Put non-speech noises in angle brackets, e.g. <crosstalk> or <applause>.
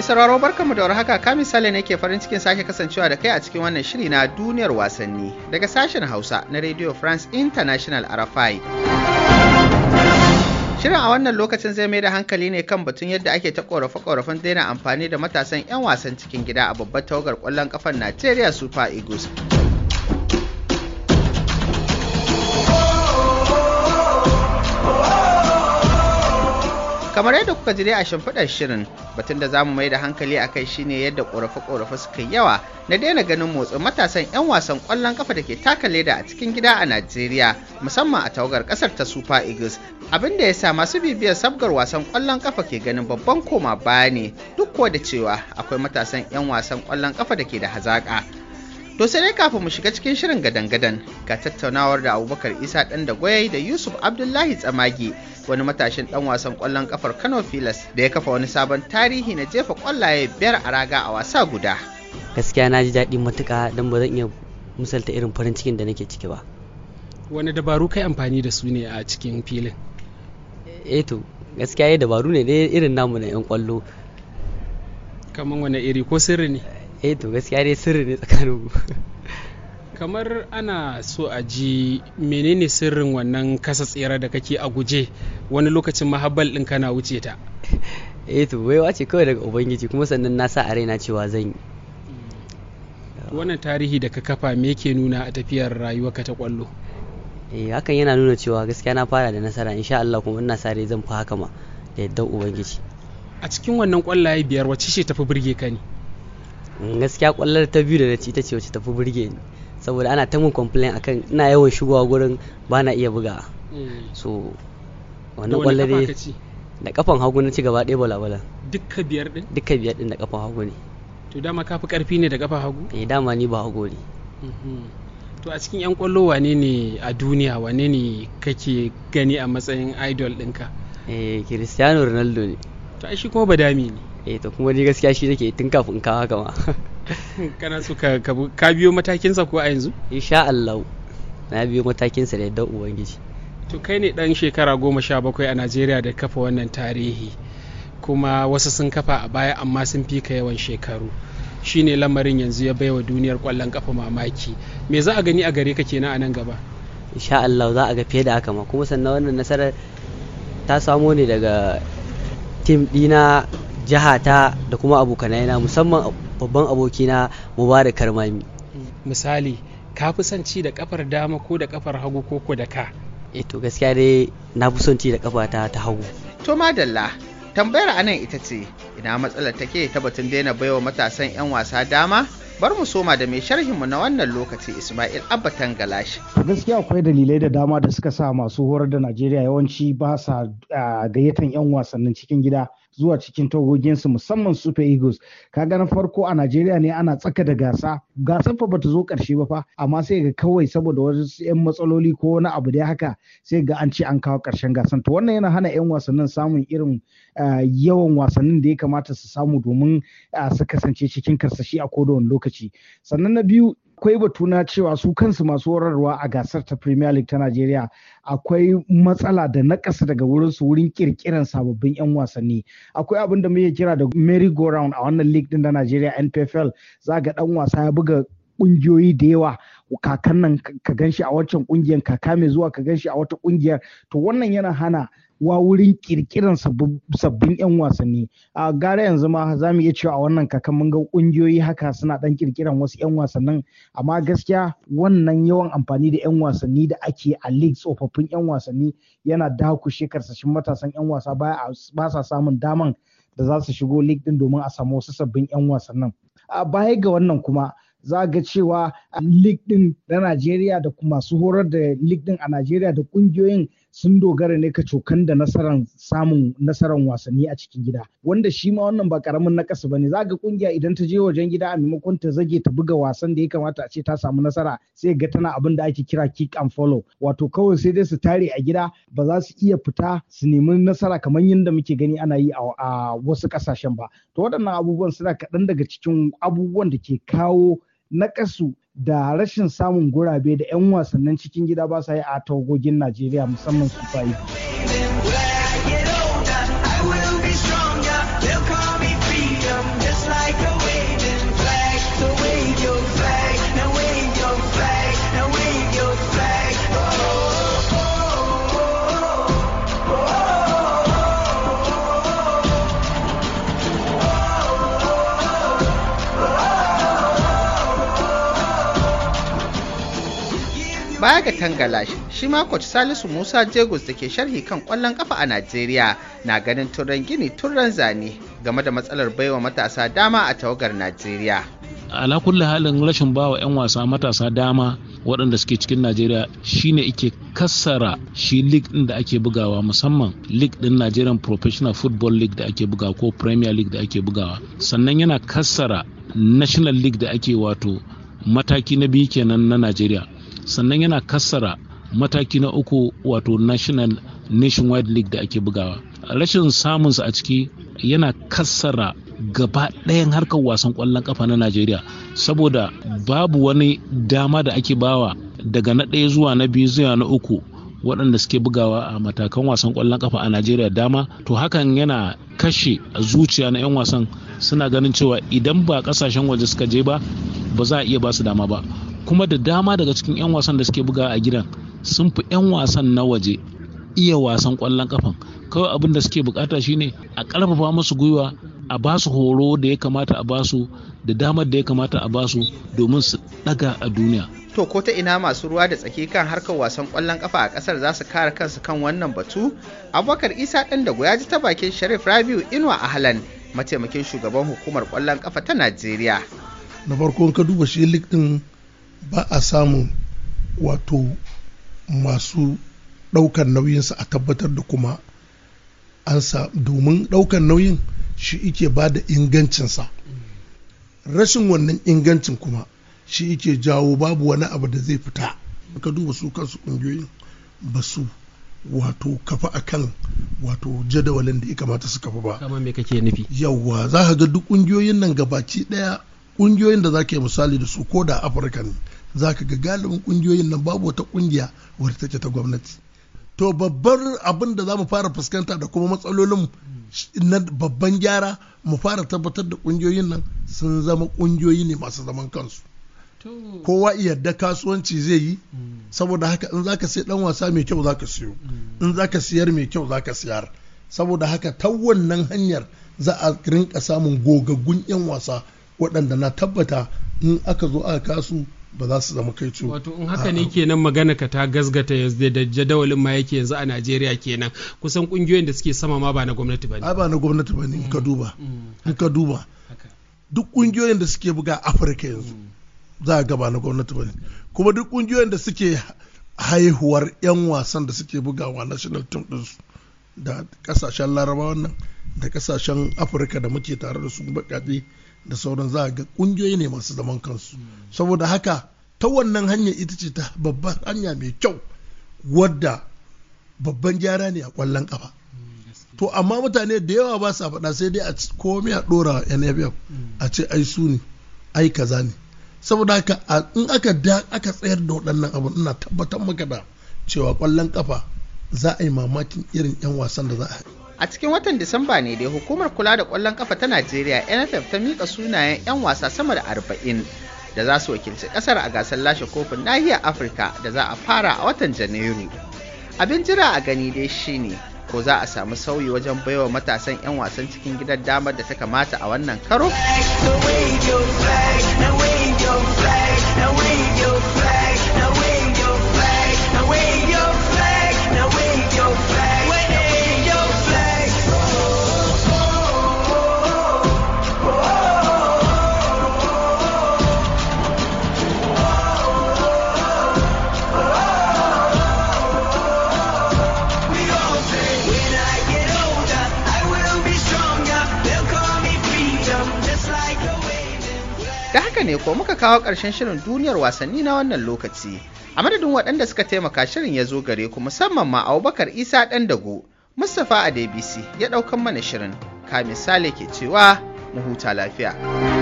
Mai sauraro barkanmu da warhaka Kamin Sale ne ke farin cikin sake kasancewa da kai a cikin wannan shiri na duniyar wasanni daga sashen Hausa na Radio France International RFI. Shirin a wannan lokacin zai mai da hankali ne kan batun yadda ake ta korafe-korafen daina amfani da matasan 'yan wasan cikin gida a babbar tawagar kwallon kafar Nigeria Super Eagles. kamar yadda kuka ji dai a shimfiɗar shirin batun da zamu mai da hankali a kai shine yadda ƙorafe-ƙorafe suka yawa na daina ganin motsin matasan 'yan wasan ƙwallon kafa da ke taka leda a cikin gida a najeriya musamman a tawagar ƙasar ta super eagles abin da ya sa masu bibiyar sabgar wasan ƙwallon kafa ke ganin babban koma baya ne duk ko da cewa akwai matasan 'yan wasan ƙwallon kafa da ke da hazaƙa to sai dai kafin mu shiga cikin shirin gadan-gadan ga tattaunawar da abubakar isa ɗan da goyai da yusuf abdullahi tsamage wani matashin dan wasan kwallon kafar Kano Pilas da ya kafa wani sabon tarihi na jefa kwallaye biyar a raga a wasa guda. Gaskiya na ji daɗi matuƙa don ba zan iya misalta irin farin cikin da nake ciki ba. Wani dabaru kai amfani da su ne a cikin filin? Eto, eh, eh to gaskiya ya dabaru ne dai irin namu na 'yan kwallo. Kaman wani iri ko sirri ne? Eto, eh, to gaskiya dai sirri ne tsakaninmu. <laughs> kamar ana so a ji menene sirrin wannan kasa tsere da kake a guje wani lokacin mahabbal ɗin kana wuce ta eh to baiwa ce kawai daga ubangiji kuma sannan na sa a raina cewa zan yi hmm. wannan tarihi da ka kafa me ke nuna a tafiyar rayuwarka ta kwallo eh hakan yana nuna cewa gaskiya na fara da nasara insha Allah kuma ina sa zan fi haka ma da yaddan ubangiji a cikin wannan kwallaye biyar wacce ce tafi burge ka ne hmm, gaskiya kwallar ta biyu da na ci ita ce wacce tafi burge ni saboda ana ta mun complain akan ina yawan shigowa gurin ba na iya buga mm. so wannan kwallo dai da kafan hagu na ci gaba ɗaya bala-bala dukka biyar din dukka biyar din da kafan hagu ne to dama ka fi karfi ne da kafan hagu eh dama ni ba hagu ne mhm. to a cikin yan kwallo wane ne a duniya wane ne kake gani a matsayin idol ɗinka eh cristiano ronaldo ne to ai shi kuma badami ne eh to kuma ni gaskiya shi nake tun kafin ka haka ma <laughs> kana so ka ka biyo matakinsa ko a yanzu insha Allah na biyo matakinsa da yadda ubangiji to kai ne dan shekara goma sha bakwai a Najeriya da kafa wannan tarihi kuma wasu sun kafa a baya amma sun fi ka yawan shekaru shine lamarin yanzu ya baiwa duniyar kwallon kafa mamaki me za a gani a gare ka kenan a nan gaba insha Allah za a ga fiye da haka ma kuma sannan wannan nasarar ta samo ne daga tim dina jihata da kuma abokanai na musamman babban abokina mubarak karmami misali ka fi son ci da kafar dama ko da kafar hagu ko ko da ka Eh to gaskiya dai na fi son ci da kafa ta ta hagu to madalla tambayar anan ita ce ina matsalar take ta batun daina baiwa matasan 'yan wasa dama bar mu soma da mai sharhin mu na wannan lokaci Ismail Abba Tangalashi. Gaskiya akwai dalilai da dama da suka sa masu horar da Najeriya yawanci ba sa ah, gayyatan 'yan wasannin cikin gida zuwa cikin tagoginsu musamman Super Eagles. Kaga na farko a Najeriya ne ana tsaka da gasa. Gasar fa bata zo karshe ba fa amma sai ga kawai saboda wasu 'yan matsaloli ko wani abu dai haka sai ga an ce an kawo karshen gasar. To wannan yana hana 'yan wasannin samun irin eh, yawan wasannin da ya kamata su samu domin eh, su kasance cikin karsashi a kodawan lokaci. Sannan na biyu akwai batu na cewa su kansu masu horarwa a gasar ta premier league ta najeriya akwai matsala da nakasa daga wurin su wurin kirkiran sababbin 'yan wasanni akwai abin da muke kira da merry go round a wannan league din da nigeria npfl za ga dan wasa ya buga kungiyoyi da yawa kakan nan ka ganshi a waccan kungiyar kaka mai zuwa ka gan shi a wata kungiyar to wannan yana hana wa wurin kirkiran sabbin 'yan wasanni a gara yanzu ma za mu iya cewa a wannan kakan mun ga kungiyoyi haka suna dan kirkiran wasu 'yan wasannin amma gaskiya wannan yawan amfani da 'yan wasanni da ake a league tsofaffin 'yan wasanni yana dakushe karsashin matasan 'yan wasa ba sa samun daman da za su shigo league din domin a samu wasu sabbin 'yan wasannin a baya ga wannan kuma za ga cewa league din na Najeriya da kuma su horar da league din a Najeriya da kungiyoyin sun dogara ne ka cokan da nasarar samun nasarar wasanni a cikin gida wanda shi ma wannan ba karamin na kasa bane za ga kungiya idan ta je wajen gida a maimakon ta zage ta buga wasan da ya kamata a ce ta samu nasara sai ga tana abin da ake kira kick and follow wato kawai sai dai su tare a gida ba za su iya fita su nemi nasara kamar yadda muke gani ana yi a wasu kasashen ba to waɗannan abubuwan suna kaɗan daga cikin abubuwan da ke kawo nakasu da rashin samun gurabe da 'yan wasannin cikin gida ba sa yi a taugogin Najeriya musamman su Aga tangala shi shi ma coach salisu musa jegus da ke sharhi kan kwallon kafa a najeriya na ganin turan gini turan zane game da matsalar baiwa matasa dama a tawagar najeriya ala kulli halin rashin bawa 'yan wasa matasa dama waɗanda suke cikin najeriya shine ike kassara shi league ɗin da ake bugawa musamman league ɗin nigerian professional football league da ake bugawa ko premier league da ake bugawa sannan yana kassara national league da ake wato mataki na biyu kenan na najeriya sannan yana kassara mataki na uku wato national nationwide league da ake bugawa rashin samunsa a ciki yana kassara gaba ɗayan harkar wasan ƙwallon ƙafa na najeriya saboda babu wani dama da ake bawa daga na ɗaya zuwa na biyu zuwa na uku waɗanda suke bugawa a matakan wasan ƙwallon ƙafa a najeriya dama to hakan yana kashe zuciya na 'yan wasan suna ganin cewa idan ba ƙasashen waje suka je ba ba za a iya ba su dama ba kuma da dama daga cikin 'yan wasan da suke buga a gidan sun fi 'yan wasan na waje iya wasan kwallon kafan kawai abin da suke bukata shine a karfafa masu gwiwa a ba su horo da ya kamata a ba su da damar da ya kamata a ba su domin su daga a duniya to ko ta ina masu ruwa da tsaki kan harkar wasan kwallon kafa a kasar za su kare kansu kan wannan batu abubakar isa ɗan da ya ji ta bakin sharif rabiu inuwa a halan, mataimakin shugaban hukumar kwallon kafa ta najeriya na farko ka duba shi lik din ba a samun wato masu ɗaukar nauyinsa a tabbatar da kuma an sa domin ɗaukar nauyin shi ike ba da ingancinsa rashin wannan ingancin kuma shi ike jawo babu wani abu da zai fita ka duba su kansu ƙungiyoyin ba su wato kafa akan wato jadawalin da ya kamata su kafa ba yauwa me kake za ka ga duk ƙungiyoyin nan gabaci ɗaya ƙungiyoyin da za ka yi misali da su ko da afirka ne za ka ga galibin ƙungiyoyin nan babu wata kungiya wadda take ta gwamnati to babbar abin da za mu fara fuskanta da kuma matsalolin na babban gyara mu fara tabbatar da ƙungiyoyin nan sun zama ƙungiyoyi ne masu zaman kansu kowa yadda kasuwanci zai yi mm. saboda haka in zaka sai dan wasa mai kyau zaka siyo mm. in zaka siyar mai kyau zaka siyar saboda haka ta wannan hanyar za a rinka samun gogaggun 'yan wasa waɗanda na tabbata in aka zo aka kasu ba za su zama kai wato in haka ne kenan magana ka ta gazgata yanzu da jadawalin ma yake yanzu a Najeriya kenan kusan kungiyoyin da suke sama ma ba na gwamnati bane ai ba na gwamnati bane mm. mm. in ka duba in ka duba duk kungiyoyin da suke buga Afirka yanzu mm. za ga ba na gwamnati bane kuma duk kungiyoyin da suke haihuwar yan wasan da suke bugawa national team din su da kasashen larabawa nan da kasashen Afirka da muke tare da su baƙaƙe da sauran za ga kungiyoyi ne masu zaman kansu saboda haka ta wannan hanya ita ce ta babban hanya mai kyau wadda babban gyara ne a kwallon kafa to amma mutane da yawa ba sa faɗa sai dai a komai a ɗora nff a ce ai su ne ai kaza ne saboda haka in aka da aka tsayar da waɗannan abu ina tabbatar maka da cewa kwallon kafa za a yi mamakin irin 'yan wasan da za a yi a cikin watan disamba ne dai hukumar kula da kwallon kafa ta najeriya nff ta mika sunayen 'yan wasa sama da arba'in da za su wakilci kasar a gasar lashe kofin nahiyar afirka da za a fara a watan janairu abin jira a gani dai shine ko za a samu sauyi wajen baiwa matasan 'yan wasan cikin gidan damar da ta kamata a wannan karo kawo ƙarshen shirin duniyar wasanni na wannan lokaci. A madadin waɗanda suka taimaka shirin ya zo gare ku musamman ma Abubakar Isa ɗan dago, Mustapha Adebisi ya ɗaukan mana shirin, kamin Sale ke cewa mu huta lafiya.